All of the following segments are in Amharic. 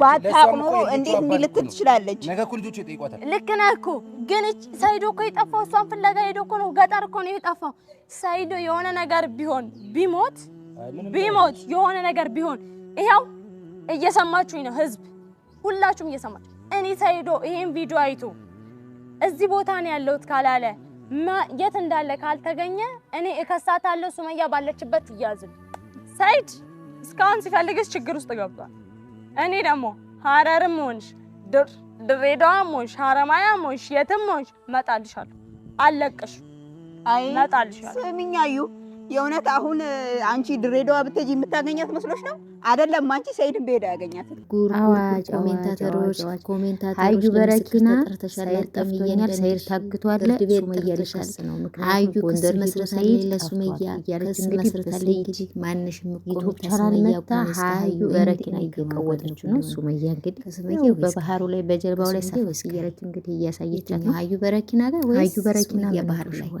ባታውቅ ኖሮ እንዴት እንዲህ ትችላለች? ነገ እኮ ልጆቹ ይጠይቋታል። ልክ ነህ እኮ ግን ሰይዶ እኮ የጠፋው እሷን ፍለጋ ሄዶ እኮ ነው። ገጠር እኮ ነው የጠፋው ሰይዶ። የሆነ ነገር ቢሆን ቢሞት ቢሞት የሆነ ነገር ቢሆን ይኸው እየሰማችሁኝ ነው ህዝብ፣ ሁላችሁም እየሰማችሁ እኔ ሰይዶ ይሄን ቪዲዮ አይቶ እዚህ ቦታ ነው ያለሁት ካላለ የት እንዳለ ካልተገኘ እኔ እከሳታለሁ። ሱመያ ባለችበት ሰይድ እስካሁን ሲፈልግስ ችግር ውስጥ ገብቷል። እኔ ደግሞ ሀረርም ሆንሽ ድሬዳዋም ሆንሽ ሀረማያም ሆንሽ የትም ሆንሽ መጣልሻለሁ። አለቅሽ መጣልሻለሁ። ስሚኝ አዩ የእውነት አሁን አንቺ ድሬዳዋ ብትሄጂ የምታገኛት መስሎች ነው? አይደለም። አንቺ ሰይድን በሄዳ ያገኛት ኮሜንታተሮች አዩ በረኪና ሰይድ ጠፍቶኛል፣ ሰይድ ታግቷል፣ ነው አዩ ለሱመያ ዩቱብ ቻናል መታ አዩ በረኪና እየቀወጠች ነው። ሱመያ እንግዲህ በባህሩ ላይ በጀልባው ላይ እያለች እንግዲህ ነው። አዩ በረኪና ጋር ወይስ አዩ በረኪና የባህሩ ላይ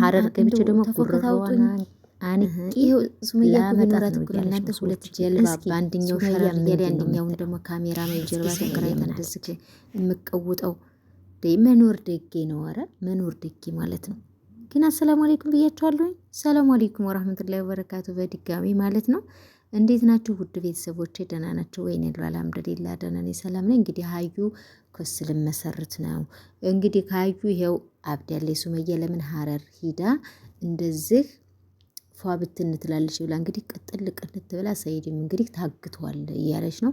ሀረር ገብቼ ደግሞ ጉርሮዋና ሁለት ጀልባ በአንደኛው አንደኛውን ደግሞ ካሜራ ጀልባ የምቀውጠው መኖር ደጌ ነው። ኧረ መኖር ደጌ ማለት ነው። ግን አሰላሙ አሌይኩም ብያችኋለሁኝ። ሰላሙ አሌይኩም ወራህመቱላሂ ወበረካቱ በድጋሚ ማለት ነው። እንዴት ናችሁ ውድ ቤተሰቦች ደህና ናቸው ወይኔ? ሉ አልሐምዱሊላ ደህና ነኝ፣ ሰላም ነኝ። እንግዲህ ሀዩ ክስ ልመሰርት ነው። እንግዲህ ከሀዩ ይኸው አብዳሌ ሱመያ ለምን ሀረር ሂዳ እንደዚህ ፏ ብትን ትላለች ብላ እንግዲህ ቅጥል ቅንት ብላ ሰይድም እንግዲህ ታግቷል እያለች ነው።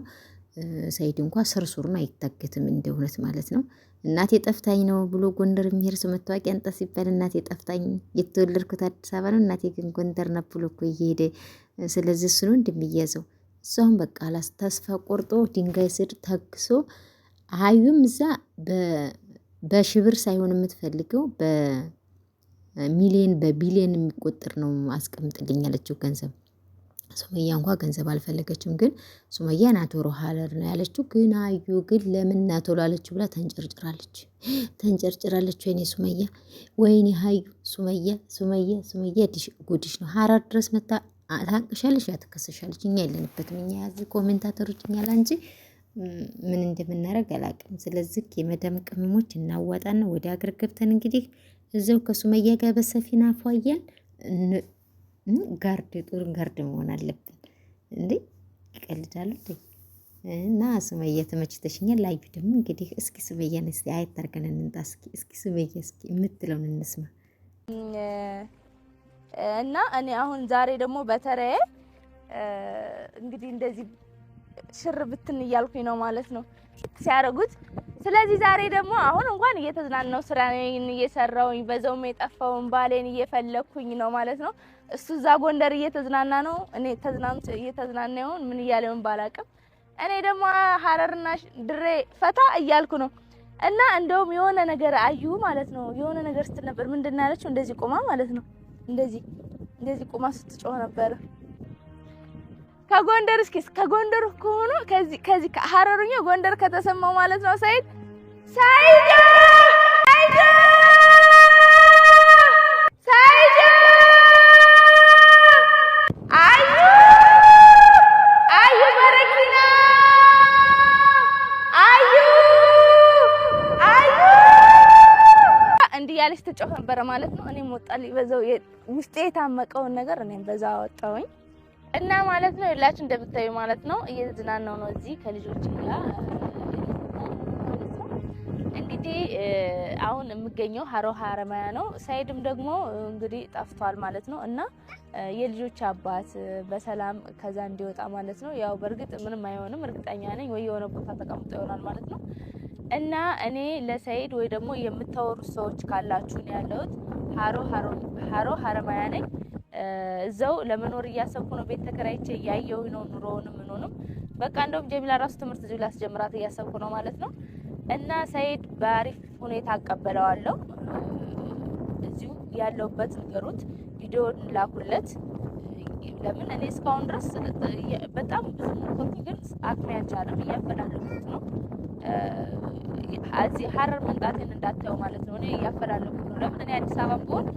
ሰይድ እንኳ ስርስር አይታገትም፣ እንደ እውነት ማለት ነው። እናቴ ጠፍታኝ ነው ብሎ ጎንደር የሚሄድ ሰው መታወቂያ አንጣ ሲባል እናቴ ጠፍታኝ የተወለድኩት አዲስ አበባ ነው እናቴ ግን ጎንደር ነው ብሎ እኮ እየሄደ ስለዚህ እሱ ነው እንደሚያዘው። እሷም በቃ አላስ ተስፋ ቆርጦ ድንጋይ ስር ተግሶ አዩም እዛ በሽብር ሳይሆን የምትፈልገው በሚሊየን በቢሊየን የሚቆጠር ነው አስቀምጥልኝ ያለችው ገንዘብ። ሱመያ እንኳ ገንዘብ አልፈለገችም። ግን ሱመያ ናቶሮ ሀለር ነው ያለችው። ግን አዩ ግን ለምን ናቶሎ አለችው ብላ ተንጨርጭራለች ተንጨርጭራለች። ወይኔ ሱመያ፣ ወይኔ ሀዩ፣ ሱመያ፣ ሱመያ፣ ሱመያ ጉድሽ ነው ሀረር ድረስ መታ ታቅሻለሽ፣ ያትከሰሻለች እኛ የለንበትም። እኛ ያዝ ኮሜንታተሮች እኛላ እንጂ ምን እንደምናደርግ አላቅም። ስለዚህ የመደም ቅመሞች እናዋጣና ወደ አገር ገብተን እንግዲህ እዚው ከሱመያ ጋር በሰፊና ፏያን ጋርድ ጦር ጋርድ መሆን አለብን እንዴ! ይቀልዳሉ እና ሱመያ ተመችተሽኛል። ላዩ ደግሞ እንግዲህ እስኪ ሱመያን እስኪ አየት አድርገን እንምጣ። እስኪ እስኪ ሱመያ እስኪ የምትለውን እንስማ። እና እኔ አሁን ዛሬ ደግሞ በተራዬ እንግዲህ እንደዚህ ሽር ብትን እያልኩኝ ነው ማለት ነው ሲያደርጉት። ስለዚህ ዛሬ ደግሞ አሁን እንኳን እየተዝናናው ስራዬን እየሰራውኝ በዛውም የጠፋውን ባሌን እየፈለኩኝ ነው ማለት ነው። እሱ እዛ ጎንደር እየተዝናና ነው፣ እኔ ተዝናንት እየተዝናና ምን እያለውን ባላቅም፣ እኔ ደግሞ ሀረርና ድሬ ፈታ እያልኩ ነው። እና እንደውም የሆነ ነገር አዩ ማለት ነው የሆነ ነገር ስትል ነበር ምንድን ያለችው? እንደዚህ ቆማ ማለት ነው እንደዚህ እንደዚህ ቁማ ስትጮህ ነበረ። ከጎንደር እስኪ ከጎንደር ከሆነ ከዚህ ከዚህ ከሀረሩኛ ጎንደር ከተሰማው ማለት ነው ሳይድ ሳይድ እያለች ትጮህ ነበረ ማለት ነው። እኔም ወጣልኝ በዛው ውስጤ የታመቀውን ነገር እኔም በዛ አወጣሁኝ እና ማለት ነው የላችሁ እንደምታዩ ማለት ነው እየተዝናናው ነው እዚህ ከልጆች ጋር እንግዲህ አሁን የምገኘው ሀሮ ሀረማያ ነው። ሳይድም ደግሞ እንግዲህ ጠፍቷል ማለት ነው እና የልጆች አባት በሰላም ከዛ እንዲወጣ ማለት ነው። ያው በእርግጥ ምንም አይሆንም እርግጠኛ ነኝ፣ ወይ የሆነ ቦታ ተቀምጦ ይሆናል ማለት ነው። እና እኔ ለሰይድ ወይ ደግሞ የምታወሩ ሰዎች ካላችሁ ነው ያለሁት። ሀሮ ሀሮ ሀረማያ ነኝ። እዛው ለመኖር እያሰብኩ ነው። ቤት ተከራይቼ እያየሁ ነው ኑሮውንም ምኑንም። በቃ እንደውም ጀሚላ ራሱ ትምህርት እዚሁ ላስጀምራት እያሰብኩ ነው ማለት ነው። እና ሰይድ በአሪፍ ሁኔታ አቀበለዋለሁ። እዚሁ ያለውበት ንገሩት፣ ቪዲዮን ላኩለት። ለምን እኔ እስካሁን ድረስ በጣም ብዙ ኮንፊደንስ አቅሜ አልቻለም፣ እያፈላለኩት ነው እዚህ ሀረር መምጣትን እንዳታየው ማለት ነው። እኔ እያፈላለኩ ነው። ለምን እኔ አዲስ አበባ ብሆን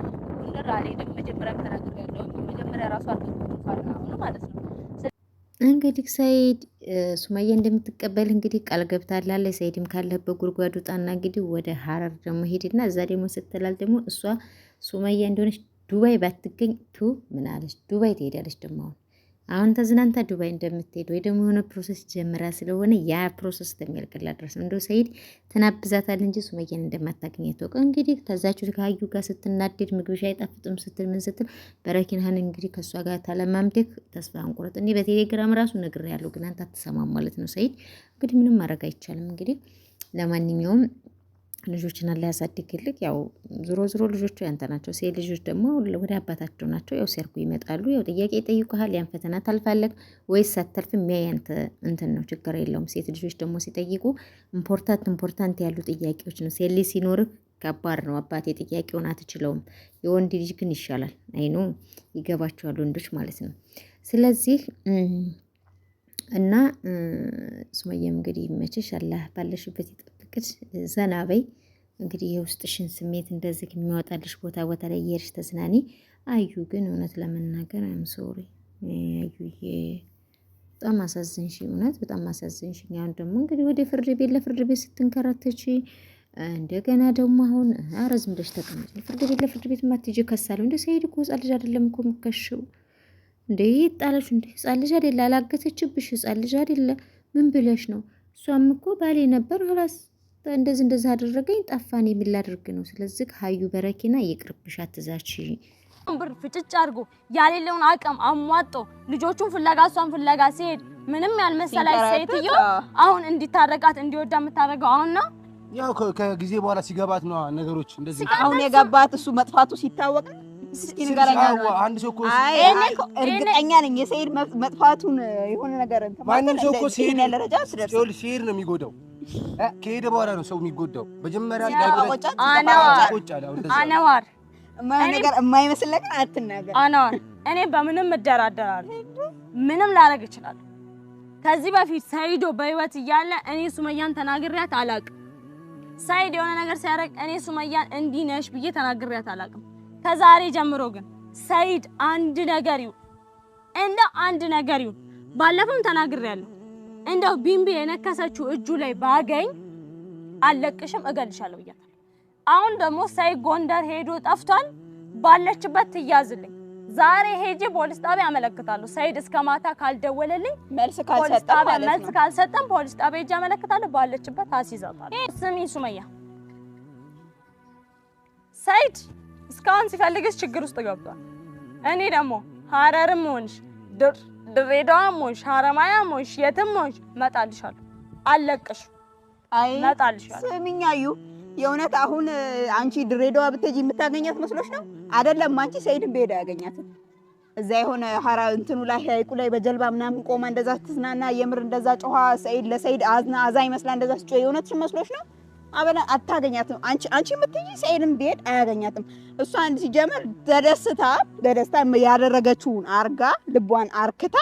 ጎንደር አልሄድም። መጀመሪያም ተናግሬያለሁ። መጀመሪያ ራሱ አልሆነ ማለት ነው። እንግዲህ ሰይድ ሱመያ እንደምትቀበል እንግዲህ ቃል ገብታላለች። ሰይድም ካለበት ጉድጓድ ውጣና እንግዲህ ወደ ሀረር ደግሞ ሄድና እዛ ደግሞ ስትላል ደግሞ እሷ ሱመያ እንደሆነች ዱባይ ባትገኝ ቱ ምናለች ዱባይ ትሄዳለች ደግሞ አሁን አሁን ተዝናንታ ዱባይ እንደምትሄድ ወይ ደግሞ የሆነ ፕሮሰስ ጀምራ ስለሆነ ያ ፕሮሰስ እስከሚያልቅላት ድረስ እንደው ሰኢድ ተናብዛታል እንጂ ሱመያን እንደማታገኝ ታውቅ። እንግዲህ ተዛችሁ ከሀዩ ጋር ስትናደድ ምግብሽ አይጣፍጥም ስትል ምን ስትል በረኪናህን እንግዲህ ከእሷ ጋር ታለማምደክ ተስፋ አንቁረጥ። እኔ በቴሌግራም ራሱ ነግሬያለሁ፣ ግን አንተ አትሰማም ማለት ነው ሰኢድ። እንግዲህ ምንም ማድረግ አይቻልም። እንግዲህ ለማንኛውም ልጆችን አላ ያሳድግልህ። ያው ዝሮ ዝሮ ልጆቹ ያንተ ናቸው። ሴት ልጆች ደግሞ ወደ አባታቸው ናቸው። ያው ሲያርጉ ይመጣሉ። ያው ጥያቄ ይጠይቁሃል። ያን ፈተና ታልፋለህ ወይስ ሳታልፍ የሚያ ያንተ እንትን ነው፣ ችግር የለውም። ሴት ልጆች ደግሞ ሲጠይቁ ኢምፖርታንት ኢምፖርታንት ያሉ ጥያቄዎች ነው። ሴት ልጅ ሲኖርህ ከባድ ነው። አባቴ ጥያቄውን አትችለውም። የወንድ ልጅ ግን ይሻላል። አይኑ ይገባቸዋል፣ ወንዶች ማለት ነው። ስለዚህ እና ሱመያም እንግዲህ ይመችሽ፣ አላህ ባለሽበት እቅድ ዘና በይ እንግዲህ የውስጥሽን ስሜት እንደዚህ የሚወጣልሽ ቦታ ቦታ ላይ እየሄድሽ ተዝናኒ። አዩ ግን እውነት ለመናገር አይም ሶሪ አዩ፣ በጣም አሳዝንሽ፣ እውነት በጣም አሳዝንሽ። አሁን ደግሞ እንግዲህ ወደ ፍርድ ቤት ለፍርድ ቤት ስትንከራተች እንደገና ደግሞ አሁን አረዝም ብለሽ ተቀመጭ። ፍርድ ቤት ለፍርድ ቤት ማትጅ ከሳለሁ እንደ ሰሄድ እኮ ህጻን ልጅ አይደለም እኮ የምከሽው እንደ ጣለች እንደ ህጻን ልጅ አይደለ አላገተችብሽ፣ ህጻን ልጅ አይደለ ምን ብለሽ ነው? እሷም እኮ ባሌ ነበር ራስ እንደዚህ እንደዚህ አደረገኝ ጠፋን የሚል ላድርግ ነው። ስለዚህ ሀዩ በረኪና ይቅርብሽ፣ አትዛች ብር ፍጭጭ አድርጎ ያሌለውን አቅም አሟጦ ልጆቹን ፍለጋ እሷን ፍለጋ ሲሄድ ምንም ያልመሰላች ሴትዮ አሁን እንዲታረቃት እንዲወዳ የምታደርገው አሁን ነው። ያው ከጊዜ በኋላ ሲገባት ነው ነገሮች እንደዚህ። አሁን የገባት እሱ መጥፋቱ ሲታወቅ አንድ ሰው እኮ እርግጠኛ ነኝ የሰይድ መጥፋቱን የሆነ ነገር ማንም ሰው እኮ ሲሄድ ነው የሚጎዳው ከሄደ በኋላ ነው ሰው የሚጎዳው። መጀመሪያ አነዋር የማይመስል ነገር አትናገር። አነዋር እኔ በምንም እደራደራለሁ፣ ምንም ላደርግ እችላለሁ። ከዚህ በፊት ሰይዶ በህይወት እያለ እኔ ሱመያን ተናግሪያት አላውቅም። ሰይድ የሆነ ነገር ሲያደርግ እኔ ሱመያን እንዲህ ነሽ ብዬ ተናግሪያት አላቅም። ከዛሬ ጀምሮ ግን ሰይድ አንድ ነገር ይሁን፣ እንደ አንድ ነገር ይሁን፣ ባለፈውም ተናግሬያለሁ እንደው ቢምቢ የነከሰችው እጁ ላይ ባገኝ አለቅሽም እገልሻለሁ ብያታል። አሁን ደግሞ ሳይ ጎንደር ሄዶ ጠፍቷል። ባለችበት ትያዝልኝ። ዛሬ ሄጄ ፖሊስ ጣቢያ አመለክታለሁ። ሰይድ እስከ ማታ ካልደወለልኝ መልስ ካልሰጠም ፖሊስ ጣቢያ ሄጂ አመለክታለሁ። ባለችበት አስይዛታል። ስሚ ሱመያ፣ ሰይድ እስካሁን ሲፈልግስ ችግር ውስጥ ገብቷል። እኔ ደግሞ ሀረርም ሆንሽ ድር ድሬዳዋም ሆንሽ ሀረማያም ሆንሽ የትም ሆንሽ እመጣልሻለሁ። አለቅሽ አይ እመጣልሻለሁ። ስምኛ ዩ የእውነት አሁን አንቺ ድሬዳዋ ብትሄጂ የምታገኛት መስሎሽ ነው? አይደለም አንቺ ሰይድን በሄዳ ያገኛት እዛ የሆነ ሀራ እንትኑ ላይ ሀይቁ ላይ በጀልባ ምናምን ቆማ እንደዛ ትዝናና፣ የምር እንደዛ ጮኋ፣ ሰይድ ለሰይድ አዝና አዛ ይመስላ እንደዛ ጮ የእውነትሽን መስሎሽ ነው? አበለ አታገኛትም። አንቺ አንቺ የምትይ ሰይድም ቢሄድ አያገኛትም። እሷ አንድ ሲጀምር ተደስታ በደስታ ያደረገችውን አርጋ ልቧን አርክታ